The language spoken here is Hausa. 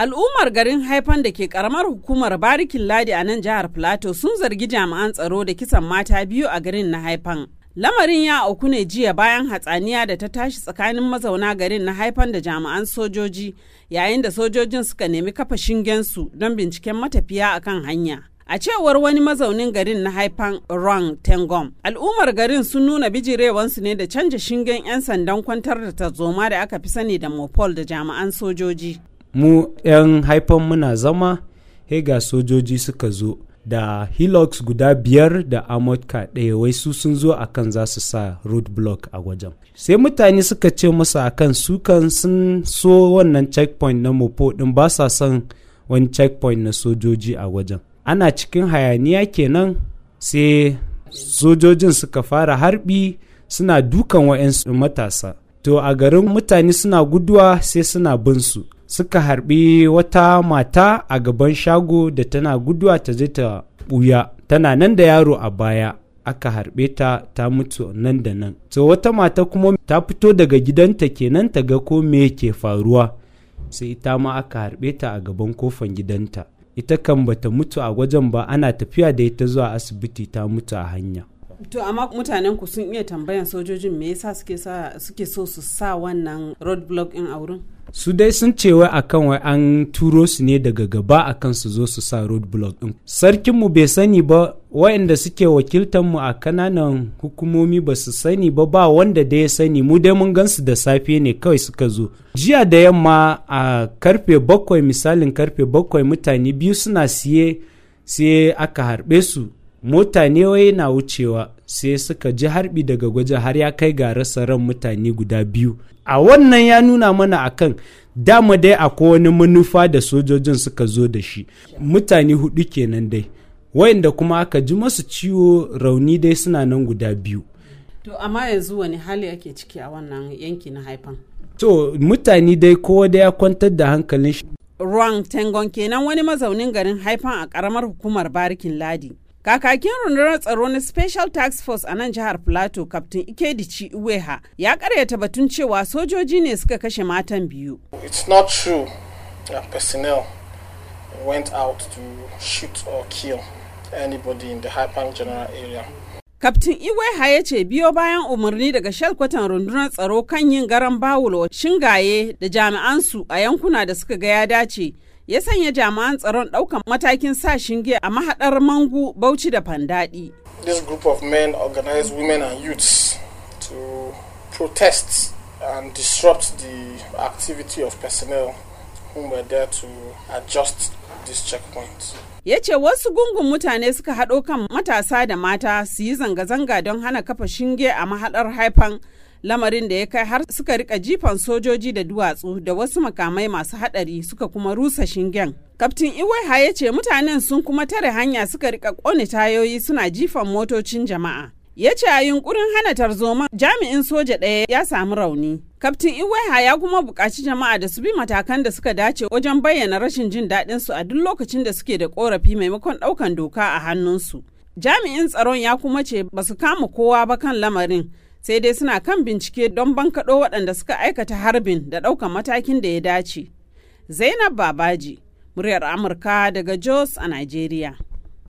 Al'ummar garin haifan da ke karamar hukumar barikin ladi a nan jihar Plateau sun zargi jami'an tsaro da kisan mata biyu a garin na haifan. Lamarin ya auku ne jiya bayan hatsaniya da ta tashi tsakanin mazauna garin na haifan da jami'an sojoji yayin da sojojin suka nemi kafa shingensu don binciken matafiya a kan hanya. A cewar wani mazaunin garin na haifan Rang Tengom, al'ummar garin sun nuna bijirewansu ne da canja shingen 'yan sandan kwantar da tarzoma da aka fi sani da Mopol da jami'an sojoji. mu 'yan haifan muna zama ga sojoji suka zo da hillocks guda biyar da amurka ɗaya wai su sun zo akan za su sa block a wajen sai mutane suka ce masa akan sukan sun so wannan checkpoint na mopo ɗin ba sa son wani checkpoint na sojoji a wajen ana cikin hayaniya kenan sai sojojin suka fara harbi suna dukan wa'yansu matasa to a garin mutane suna guduwa sai suna bin su suka harbi wata mata a gaban shago da tana guduwa ta zai ta buya tana nan da yaro a baya aka harbe ta ta mutu nan da nan to wata mata kuma ta fito daga gidanta kenan ta ga ko me ke faruwa sai ita ma aka harbe ta a gaban kofan gidanta ita kan bata mutu a wajen ba ana tafiya da ita zuwa asibiti ta mutu a hanya to amma mutanen ku sun iya tambayan sojojin me yasa suke sa suke so su sa wannan roadblock in a wurin su dai sun ce wai akan wai an turo su ne daga gaba akan su zo su sa roadblock din sarkinmu bai sani ba waɗanda suke mu a kananan hukumomi ba su sani ba ba wanda da ya sani mu dai mun gansu da safe ne kawai suka zo jiya da yamma a karfe bakwai misalin karfe bakwai mutane biyu suna siye sai aka harbe su mutane na wucewa sai suka ji harbi daga gwaje har ya kai ga rasa ran mutane guda biyu a wannan ya nuna mana akan dama dai akwai wani manufa da sojojin suka zo da shi mutane hudu kenan dai wayanda kuma aka ji masu ciwo rauni dai suna nan guda biyu to amma yanzu wani hali ake ciki a wannan yanki na haifan to mutane dai kowa da ya kwantar da hankalin shi ruwan tangon kenan wani mazaunin garin haifan a karamar hukumar barikin ladi Kakakin rundunar tsaro na Special Task Force a nan jihar Plateau, Captain Ikedici uweha ya karyata batun cewa sojoji ne suka kashe matan biyu. It's not true that personnel went out to shoot or kill anybody in the Haipang general area. Kaftin Iweha ya ce biyo bayan umarni daga shalkwatan rundunar tsaro kan yin garan bawul shingaye da jami'ansu a yankuna da suka ga ya dace ya sanya jami'an tsaron ɗaukan matakin sa shinge a mahaɗar mangu bauchi da fandaɗi. This group of men organized women and youths to protest and disrupt the activity of personnel who were there to adjust this checkpoint. Ya ce wasu gungun mutane suka haɗo kan matasa da mata su yi zanga-zanga don hana kafa shinge a mahaɗar haifan lamarin da ya kai har suka rika jifan sojoji da duwatsu da wasu makamai masu hadari suka kuma rusa shingen kaftin iwaiha ya ce mutanen sun kuma tare hanya suka rika kone tayoyi suna jifan motocin jama'a ya ce a yunkurin hana tarzoma jami'in soja ɗaya ya samu rauni kaftin iwaiha ya kuma buƙaci jama'a da su bi matakan da suka dace wajen bayyana rashin jin daɗin su a duk lokacin da suke da ƙorafi maimakon ɗaukan doka a hannunsu jami'in tsaron ya kuma ce ba su kama kowa ba kan lamarin sai dai suna kan bincike don bankaɗo waɗanda suka aikata harbin da ɗaukan matakin da ya dace. Zainab Babaji, muryar Amurka daga Jos a Najeriya.